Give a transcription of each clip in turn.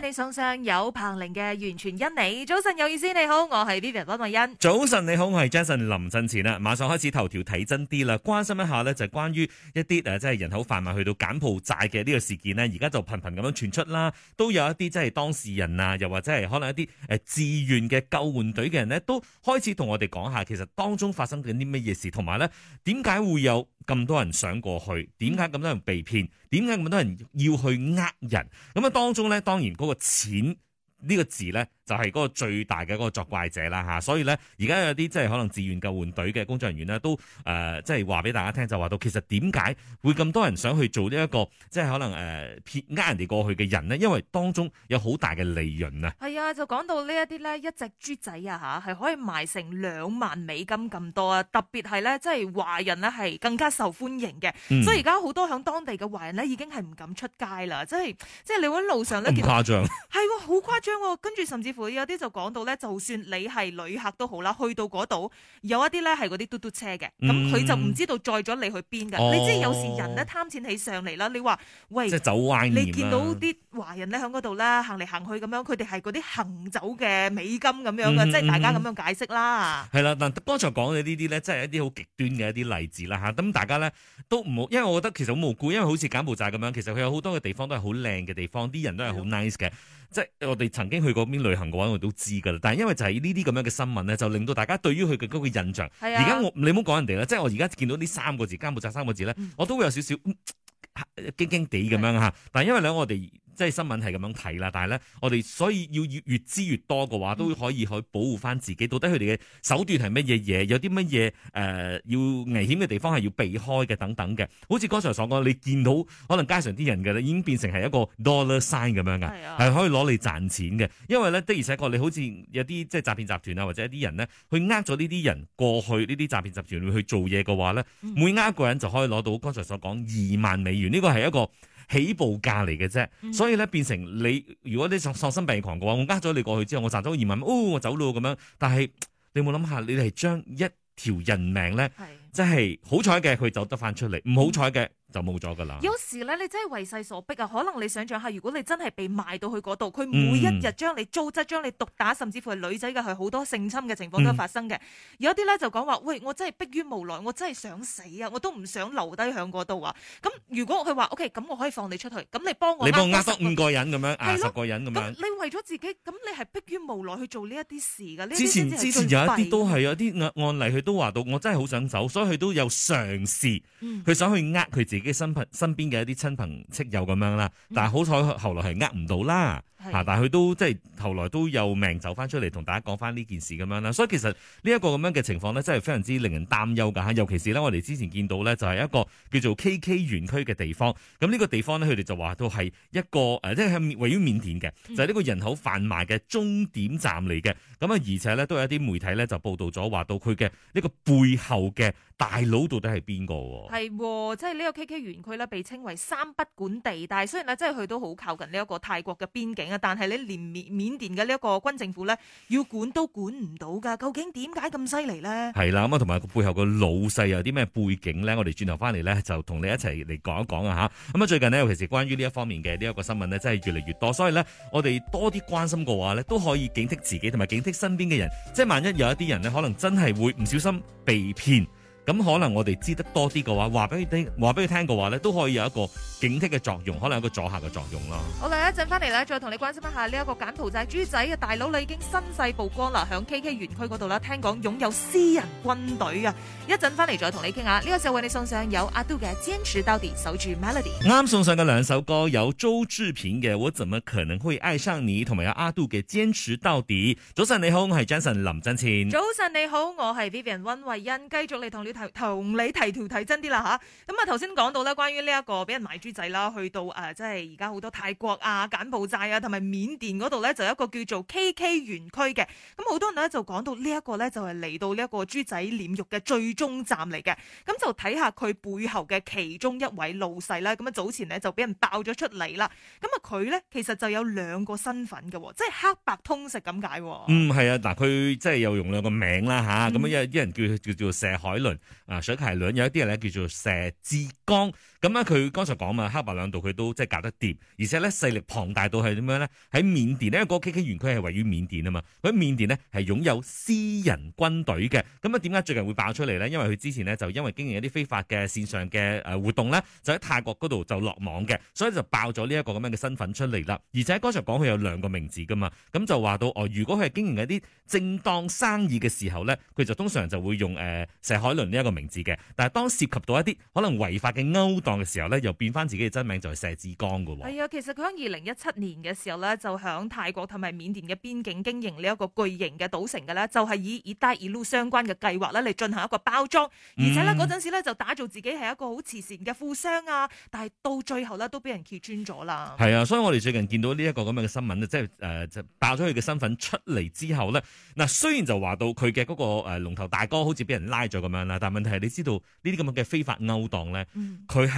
你送上有彭羚嘅完全因你早晨有意思。你好，我係 Vivian 溫慧欣。早晨你好，我係 Jason 林振前啊，馬上開始頭條睇真啲啦，關心一下咧就係關於一啲誒，即係人口販賣去到柬埔寨嘅呢個事件咧，而家就頻頻咁樣傳出啦，都有一啲即係當事人啊，又或者係可能一啲誒自願嘅救援隊嘅人咧，都開始同我哋講一下，其實當中發生緊啲乜嘢事，同埋咧點解會有。咁多人想過去，點解咁多人被騙，點解咁多人要去呃人？咁啊，當中咧，當然嗰個錢呢個字咧。就係嗰個最大嘅嗰個作怪者啦嚇，所以咧而家有啲即係可能自願救援隊嘅工作人員呢，都誒即係話俾大家聽，就話到其實點解會咁多人想去做呢、這、一個即係可能誒呃人哋過去嘅人呢，因為當中有好大嘅利潤啊！係啊，就講到這些呢一啲咧一隻豬仔啊嚇係可以賣成兩萬美金咁多啊！特別係咧即係華人呢，係更加受歡迎嘅，嗯、所以而家好多響當地嘅華人呢，已經係唔敢出街啦！即係即係你喺路上咧，好、嗯 啊、誇張係喎，好誇張喎！跟住甚至。會有啲就講到咧，就算你係旅客都好啦，去到嗰度有一啲咧係嗰啲嘟嘟車嘅，咁佢、嗯、就唔知道載咗你去邊嘅。哦、你即係有時人咧貪錢起上嚟啦，你話喂，即係走歪。你見到啲華人咧喺嗰度咧行嚟行去咁樣，佢哋係嗰啲行走嘅美金咁樣嘅，嗯、即係大家咁樣解釋啦。係啦，但剛才講嘅呢啲咧，即係一啲好極端嘅一啲例子啦吓，咁大家咧都唔好，因為我覺得其實好無辜，因為好似柬埔寨咁樣，其實佢有好多嘅地方都係好靚嘅地方，啲人都係好 nice 嘅，的即係我哋曾經去過那邊旅行。我話我都知噶啦，但係因為就係呢啲咁樣嘅新聞咧，就令到大家對於佢嘅嗰個印象。而家是、啊、我你唔好講人哋啦，即係我而家見到呢三個字，監木扎三個字咧，我都會有少少驚驚地咁樣吓。是的 但係因為咧，我哋。即係新聞係咁樣睇啦，但係咧，我哋所以要越越知越多嘅話，都可以去保護翻自己。到底佢哋嘅手段係乜嘢嘢？有啲乜嘢誒？要危險嘅地方係要避開嘅等等嘅。好似剛才所講，你見到可能街上啲人嘅已經變成係一個 dollar sign 咁樣㗎，係可以攞嚟賺錢嘅。因為咧的而且確，你好似有啲即係詐騙集團啊，或者一啲人咧，去呃咗呢啲人過去呢啲詐騙集團去做嘢嘅話咧，每呃一個人就可以攞到剛才所講二萬美元。呢個係一個起步價嚟嘅啫，所以咧變成你，如果你喪喪心病狂嘅話，我呃咗你過去之後，我賺咗二萬蚊，哦，我走咯咁樣，但係你冇諗下，你係將一條人命咧，是即係好彩嘅佢走得翻出嚟，唔好彩嘅。嗯就冇咗噶啦！有時咧，你真係為勢所逼啊！可能你想像下，如果你真係被賣到去嗰度，佢每一日將你糟質，將你毒打，甚至乎係女仔嘅係好多性侵嘅情況都發生嘅。嗯、有啲咧就講話，喂，我真係迫於無奈，我真係想死啊！我都唔想留低喺嗰度啊！咁如果佢話 O K，咁我可以放你出去，咁你幫我你，你幫呃多五個人咁樣，咯啊十個人咁樣。你為咗自己，咁你係迫於無奈去做呢一啲事嘅。之前之前有一啲都係有啲案案例，佢都話到我真係好想走，所以佢都有嘗試，佢、嗯、想去呃佢自己。自己身身邊嘅一啲親朋戚友咁樣啦，但係好彩後來係呃唔到啦嚇，是的 但係佢都即係後來都有命走翻出嚟，同大家講翻呢件事咁樣啦。所以其實呢一個咁樣嘅情況咧，真係非常之令人擔憂㗎嚇。尤其是咧，我哋之前見到咧，就係一個叫做 KK 園區嘅地方。咁呢個地方咧，佢哋就話到係一個誒，即係喺位於緬甸嘅，就係、是、呢個人口販賣嘅終點站嚟嘅。咁啊，而且咧都有一啲媒體咧就報道咗話到佢嘅呢個背後嘅。大佬到底係邊個？係即係呢個 K K 園區呢，被稱為三不管地帶。雖然啊，真係去到好靠近呢一個泰國嘅邊境啊，但係你連緬緬甸嘅呢一個軍政府呢，要管都管唔到噶。究竟點解咁犀利呢？係啦咁啊，同埋個背後個老細有啲咩背景呢？我哋轉頭翻嚟呢，就同你一齊嚟講一講啊！吓咁啊，最近呢，尤其是關於呢一方面嘅呢一個新聞呢，真係越嚟越多，所以呢，我哋多啲關心嘅話呢，都可以警惕自己，同埋警惕身邊嘅人。即係萬一有一啲人呢，可能真係會唔小心被騙。咁可能我哋知得多啲嘅話，你你你話俾佢聽，話俾佢聽嘅話咧，都可以有一個警惕嘅作用，可能有個阻嚇嘅作用咯。好啦，一陣翻嚟啦，再同你關心一下呢一個柬埔寨豬仔嘅大佬，你已經身世曝光啦，響 K K 園區嗰度啦，聽講擁有私人軍隊啊！一陣翻嚟再同你傾下，呢、這個時候為你送上有阿杜嘅堅持到底守住 Melody。啱送上嘅兩首歌有周治平嘅我怎麼可能會愛上你，同埋有阿杜嘅堅持到底。早晨你好，我係 Jason 林振倩。早晨你好，我係 Vivian 溫慧欣，繼續嚟同你。同你提條睇真啲啦吓，咁啊頭先講到咧，關於呢一個俾人賣豬仔啦，去到誒即係而家好多泰國啊、柬埔寨啊同埋緬甸嗰度咧，就有一個叫做 KK 園區嘅，咁好多人咧就講到呢一個咧就係嚟到呢一個豬仔斬肉嘅最終站嚟嘅，咁就睇下佢背後嘅其中一位老細啦。咁啊早前咧就俾人爆咗出嚟啦，咁啊佢咧其實就有兩個身份嘅，即係黑白通食咁解，嗯，係啊，嗱佢即係又用兩個名啦吓，咁啊一啲人叫叫做謝海倫。啊，水皮輪有一啲人咧，叫做佘志剛。咁佢剛才講嘛，黑白兩道佢都即係搞得掂，而且咧勢力龐大到係點樣咧？喺緬甸呢個 KK 園區係位於緬甸啊嘛。佢喺緬甸呢係擁有私人軍隊嘅。咁啊點解最近會爆出嚟咧？因為佢之前呢，就因為經營一啲非法嘅線上嘅呃活動咧，就喺泰國嗰度就落網嘅，所以就爆咗呢一個咁樣嘅身份出嚟啦。而且剛才講佢有兩個名字噶嘛，咁就話到哦、呃，如果佢係經營一啲正當生意嘅時候咧，佢就通常就會用呃、石海倫呢一個名字嘅。但係當涉及到一啲可能違法嘅勾嘅時候咧，又變翻自己嘅真名就係謝志剛嘅喎。係啊，其實佢喺二零一七年嘅時候咧，就喺泰國同埋緬甸嘅邊境經營呢一個巨型嘅賭城嘅咧，就係、是、以一帶一路相關嘅計劃咧嚟進行一個包裝，而且呢嗰陣、嗯、時咧就打造自己係一個好慈善嘅富商啊。但係到最後咧都俾人揭穿咗啦。係啊，所以我哋最近見到呢一個咁樣嘅新聞咧，即係誒就爆咗佢嘅身份出嚟之後呢。嗱雖然就話到佢嘅嗰個誒龍頭大哥好似俾人拉咗咁樣啦，但係問題係你知道呢啲咁樣嘅非法勾當咧，佢係、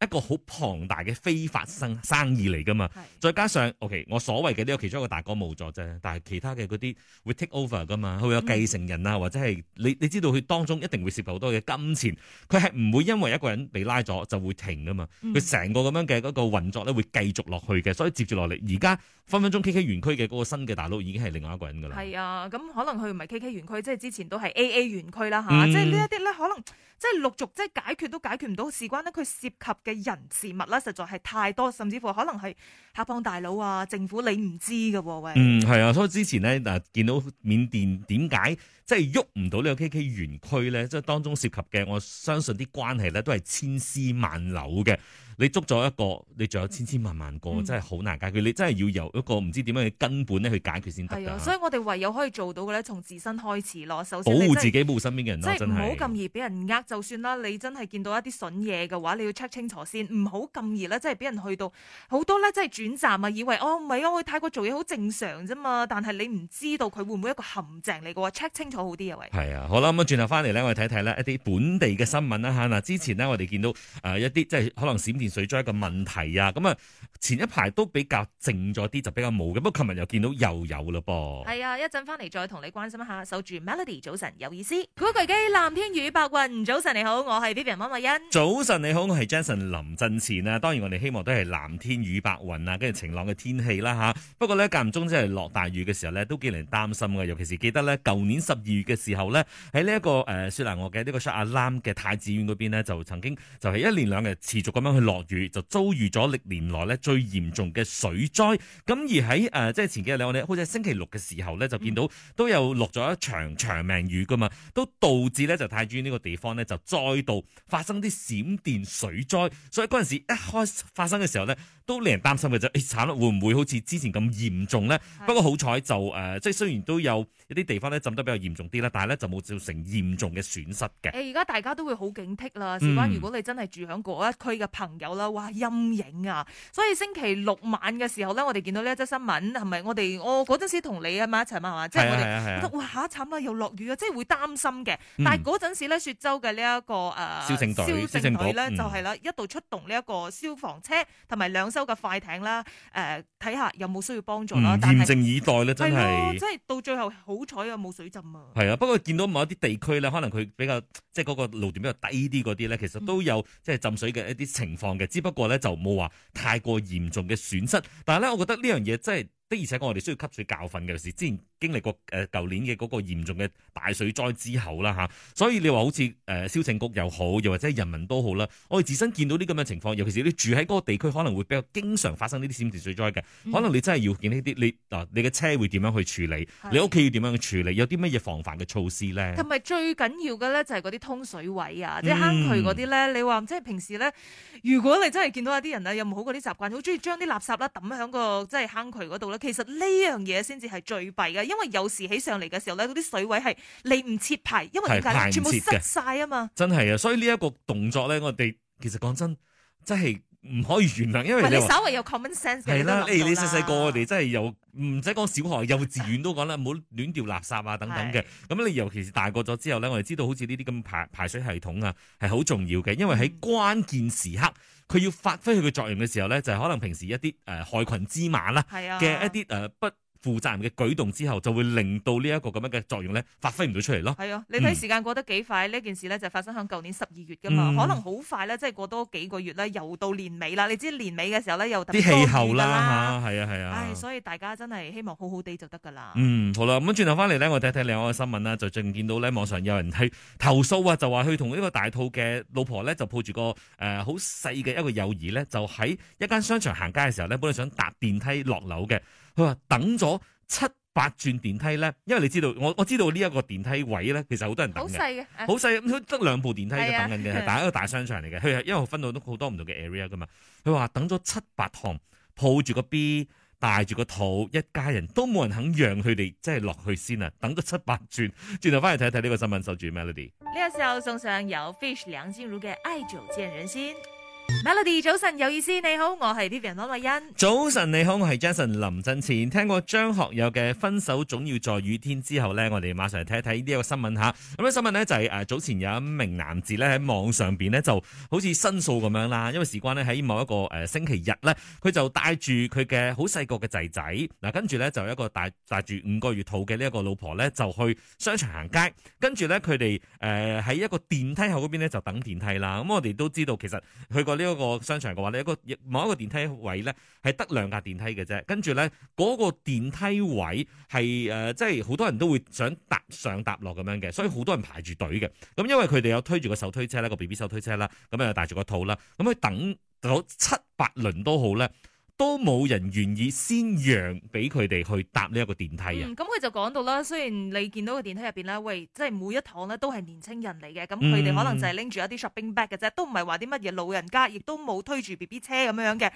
一個好龐大嘅非法生生意嚟噶嘛，是再加上 OK，我所謂嘅呢個其中一個大哥冇咗啫，但係其他嘅嗰啲會 take over 噶嘛，佢會有繼承人啊，嗯、或者係你你知道佢當中一定會涉及好多嘅金錢，佢係唔會因為一個人被拉咗就會停噶嘛，佢成、嗯、個咁樣嘅嗰個運作咧會繼續落去嘅，所以接住落嚟而家分分鐘 K K 園區嘅嗰個新嘅大佬已經係另外一個人噶啦，係啊，咁可能佢唔係 K K 園區，即係之前都係 A A 園區啦吓，即係呢一啲咧可能即係陸續即係解決都解決唔到，事關咧佢涉及。嘅人事物咧，實在係太多，甚至乎可能係客幫大佬啊，政府你唔知㗎喎喂、啊，嗯，係啊，所以之前咧嗱，見到緬甸點解即係喐唔到呢個 KK 園區咧，即係當中涉及嘅，我相信啲關係咧都係千絲萬縷嘅。你捉咗一個，你仲有千千萬萬個，嗯、真係好難解決。你真係要由一個唔知點樣去根本咧去解決先得㗎。係啊，所以我哋唯有可以做到嘅咧，從自身開始咯。首先，保護自己，保護身邊嘅人咯。即係唔好咁易俾人呃，就算啦。你真係見到一啲筍嘢嘅話，你要 check 清楚先，唔好咁易咧。即係俾人去到好多咧，即係轉站啊，以為哦唔係啊，我去泰國做嘢好正常啫嘛。但係你唔知道佢會唔會一個陷阱嚟㗎？Check 清楚好啲啊，喂。係啊，好啦，咁啊轉頭翻嚟咧，我哋睇睇呢一啲本地嘅新聞啦嚇。嗱、嗯，之前呢，我哋見到誒一啲即係可能閃電。水災嘅問題啊，咁啊前一排都比較靜咗啲，就比較冇嘅。不過琴日又見到又有喇噃。係啊，一陣翻嚟再同你關心一下。守住 Melody，早晨有意思。古巨基藍天與白雲，早晨你好，我係 Vivian 林偉欣。早晨你好，我係 Jason 林振前啊。當然我哋希望都係藍天與白雲啊，跟住晴朗嘅天氣啦嚇。不過呢間唔中真係落大雨嘅時候呢，都幾令人擔心嘅。尤其是記得呢，舊年十二月嘅時候呢，喺呢一個誒、呃、雪蘭莪嘅呢個 Shah Alam 嘅太子苑嗰邊咧，就曾經就係一連兩日持續咁樣去落。落雨就遭遇咗歷年來咧最嚴重嘅水災，咁而喺誒即係前幾日咧，我哋好似星期六嘅時候咧，就見到都有落咗一場長命雨㗎嘛，都導致咧就泰主呢個地方咧就再度發生啲閃電水災，所以嗰陣時一開始發生嘅時候咧。都令人擔心嘅就誒慘咧會唔會好似之前咁嚴重咧？是的 不過好彩就誒，即、呃、係雖然都有一啲地方咧浸得比較嚴重啲啦，但係咧就冇造成嚴重嘅損失嘅。誒而家大家都會好警惕啦。事關，如果你真係住響嗰一區嘅朋友啦，嗯、哇陰影啊！所以星期六晚嘅時候咧，我哋見到呢一則新聞係咪？是是我哋、哦、我嗰陣時同你喺埋一齊嘛，係嘛？係係係。覺得哇慘啦，又落雨啊！即係會擔心嘅。嗯、但係嗰陣時咧，雪州嘅、這個呃、呢一個誒消防隊咧就係啦，嗯、一度出動呢一個消防車同埋兩，收嘅快艇啦，誒、呃，睇下有冇需要幫助啦。嚴、嗯、嚴正以待咧，真係、啊，真係到最後好彩啊，冇水浸啊。係啊，不過見到某一啲地區咧，可能佢比較即係嗰個路段比較低啲嗰啲咧，其實都有即係浸水嘅一啲情況嘅，嗯、只不過咧就冇話太過嚴重嘅損失。但係咧，我覺得呢樣嘢真係。的而且確，我哋需要吸取教訓嘅。尤其是之前經歷過誒舊年嘅嗰個嚴重嘅大水災之後啦，吓，所以你話好似誒消拯局又好，又或者人民都好啦，我哋自身見到啲咁嘅情況，尤其是你住喺嗰個地區可能會比較經常發生呢啲閃電水災嘅。可能你真係要見呢啲，你嗱你嘅車會點樣去處理？是你屋企要點樣去處理？有啲乜嘢防範嘅措施咧？同埋最緊要嘅咧，就係嗰啲通水位啊、嗯，即係坑渠嗰啲咧。你話即係平時咧，如果你真係見到有啲人啊，有冇好嗰啲習慣，好中意將啲垃圾啦抌響個即係坑渠嗰度咧。其實呢樣嘢先至係最弊嘅，因為有時起上嚟嘅時候咧，嗰啲水位係你唔切牌，因為點解全部塞晒啊嘛！真係啊，所以呢一個動作咧，我哋其實講真，真係。唔可以原諒，因為你，你稍微有 common sense 嘅啦的。你細細個我哋真係有唔使講小學幼稚園都講啦，唔好 亂掉垃圾啊等等嘅。咁是的 你尤其是大個咗之後咧，我哋知道好似呢啲咁排排水系統啊係好重要嘅，因為喺關鍵時刻佢要發揮佢嘅作用嘅時候咧，就係、可能平時一啲誒、呃、害群之馬啦嘅一啲誒、呃、不。負責任嘅舉動之後，就會令到呢一個咁樣嘅作用咧，發揮唔到出嚟咯。係啊，你睇時間過得幾快，呢件事咧就發生響舊年十二月噶嘛，可能好快咧，即係過多幾個月咧，又到年尾啦。你知年尾嘅時候咧，又特別多雨㗎啦，係啊係啊。所以大家真係希望好好地就得㗎啦。嗯，好啦，咁轉頭翻嚟咧，我睇睇另外嘅新聞啦。就正見到咧，網上有人去投訴啊，就話佢同呢個大肚嘅老婆咧，就抱住個誒好細嘅一個幼兒咧，就喺一間商場行街嘅時候咧，本來想搭電梯落樓嘅。佢話等咗七八轉電梯咧，因為你知道我我知道呢一個電梯位咧，其實好多人等嘅，好細嘅，好細咁得兩部電梯嘅等緊嘅，係大、啊、一個大商場嚟嘅。佢係的因為分到都好多唔同嘅 area 嘅嘛。佢話等咗七八趟，抱住個 B，帶住個肚，一家人都冇人肯讓佢哋，即係落去先啊！等咗七八轉，轉頭翻嚟睇一睇呢個新聞，守住 Melody。呢個時候送上有 Fish 梁靜茹嘅愛久見人心。Melody，早晨有意思，你好，我係 Vivian 安朗欣。早晨你好，我係 Jason 林振前。聽過張學友嘅《分手總要在雨天》之後呢，我哋馬上嚟睇一睇呢個新聞吓。咁呢新聞呢、就係，就係誒早前有一名男子咧喺網上邊呢就好似申訴咁樣啦，因為事關呢，喺某一個誒星期日呢，佢就帶住佢嘅好細個嘅仔仔嗱，跟住呢，就一個帶帶住五個月肚嘅呢一個老婆呢，就去商場行街，跟住呢，佢哋誒喺一個電梯口嗰邊呢，就等電梯啦。咁我哋都知道其實佢個。呢一個商場嘅話咧，一個某一個電梯位咧，係得兩架電梯嘅啫，跟住咧，嗰個電梯位係誒、呃，即係好多人都會想搭上搭落咁樣嘅，所以好多人排住隊嘅。咁因為佢哋有推住個手推車啦，個 B B 手推車啦，咁啊又大住個肚啦，咁佢等到七八輪都好咧，都冇人願意先讓俾佢哋去搭呢一個電梯啊、嗯！咁佢就講到啦，雖然你見到個電梯入面咧，喂，即係每一趟咧都係年青人嚟嘅，咁佢哋可能就係拎住一啲 shopping bag 嘅啫，都唔係話啲乜嘢老人家，亦都冇推住 BB 車咁樣嘅，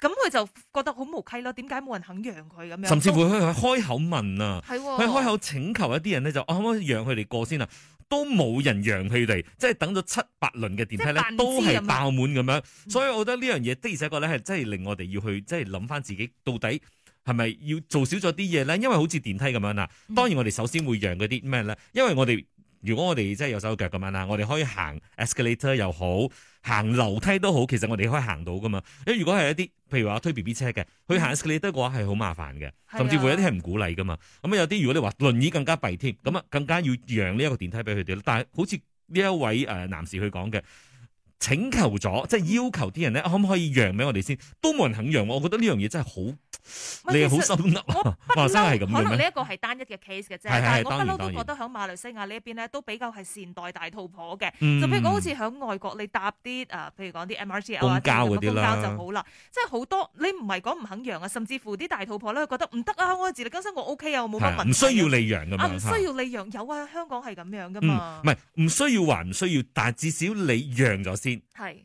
咁佢就覺得好無稽囉，點解冇人肯讓佢咁樣？甚至會去開口問啊，去都、哦、開口請求一啲人咧，就可唔可以讓佢哋過先啊？都冇人讓佢哋，即係等咗七八輪嘅電梯咧，都係爆滿咁樣。所以我覺得呢樣嘢的而且確咧，係真係令我哋要去即係諗翻自己到底係咪要做少咗啲嘢咧？因為好似電梯咁樣嗱，當然我哋首先會讓嗰啲咩咧，因為我哋。如果我哋即係有手有腳咁樣啦，我哋可以行 escalator 又好，行樓梯都好，其實我哋可以行到噶嘛。因為如果係一啲譬如話推 B B 車嘅，去行 escalator 嘅話係好麻煩嘅，甚至乎有啲係唔鼓勵噶嘛。咁有啲如果你話輪椅更加弊添，咁啊更加要讓呢一個電梯俾佢哋囉。但係好似呢一位誒男士去講嘅。請求咗，即係要求啲人咧，可唔可以讓俾我哋先？都冇人肯讓我，我覺得呢樣嘢真係好，你又好心粒啊，話真係咁嘅咩？可能呢一個係單一嘅 case 嘅啫，的但係單一嘅 case 我不嬲都覺得響馬來西亞呢一邊咧，都比較係善待大肚婆嘅。嗯、就譬如講，好似響外國你搭啲啊，譬如講啲 MRT 啊，公共交通就好啦。啊啊、即係好多你唔係講唔肯讓啊，甚至乎啲大肚婆咧，覺得唔得啊，我的自力更生我 O、OK、K 啊，我冇乜問題，啊。唔需要你讓噶嘛？唔、啊、需要你讓，的有啊，香港係咁樣噶嘛？唔係唔需要還唔需要，但係至少你讓咗，嗯。先，是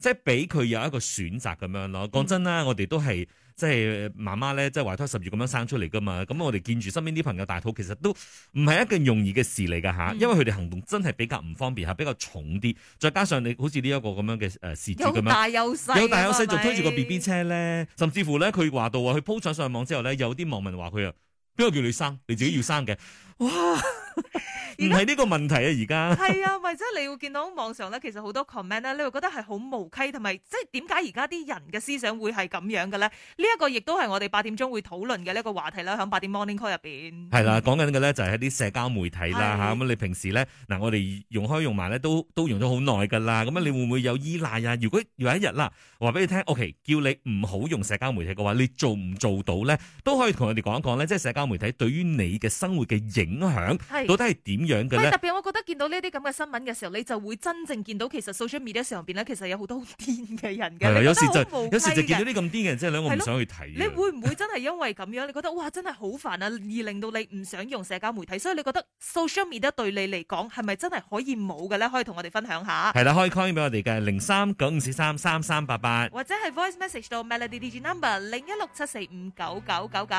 即係俾佢有一個選擇咁樣咯。講真啦，我哋都係即係媽媽咧，即係懷胎十月咁樣生出嚟噶嘛。咁我哋見住身邊啲朋友大肚，其實都唔係一件容易嘅事嚟噶嚇，嗯、因為佢哋行動真係比較唔方便嚇，比較重啲。再加上你好似呢一個咁樣嘅誒事主咁樣，有大有細，有大有細，仲推住個 B B 車咧。甚至乎咧，佢話到話佢鋪咗上網之後咧，有啲網民話佢啊，邊個叫你生？你自己要生嘅哇！ 唔係呢個問題啊！而家係啊，或者你會見到網上咧，其實好多 comment 咧，你會覺得係好無稽，同埋即係點解而家啲人嘅思想會係咁樣嘅咧？呢、這、一個亦都係我哋八點鐘會討論嘅呢個話題啦，喺八點 morning call 入面係啦，講緊嘅咧就係喺啲社交媒體啦咁的、啊、你平時咧嗱，我哋用開用埋咧，都都用咗好耐㗎啦。咁樣你會唔會有依賴啊？如果有一日啦，話俾你聽，OK，叫你唔好用社交媒體嘅話，你做唔做到咧？都可以同我哋講一講咧，即、就、係、是、社交媒體對於你嘅生活嘅影響，到底係點？唔係特別，我覺得見到呢啲咁嘅新聞嘅時候，你就會真正見到其實 social media 上邊咧，其實有好多好癲嘅人嘅。係，有時就有時就見到啲咁癲嘅人，真係我唔想去睇。你會唔會真係因為咁樣，你覺得哇真係好煩啊，而令到你唔想用社交媒體？所以你覺得 social media 對你嚟講係咪真係可以冇嘅咧？可以同我哋分享下。係啦，可以 call 翻俾我哋嘅零三九五四三三三八八，或者係 voice message 到 Melody Digi Number 零一六七四五九九九九。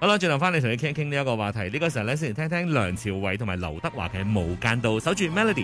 好啦，轉頭翻嚟同你傾一傾呢一個話題。呢個時候咧，先嚟聽聽梁朝偉同埋劉德華嘅無間道，守住 Melody。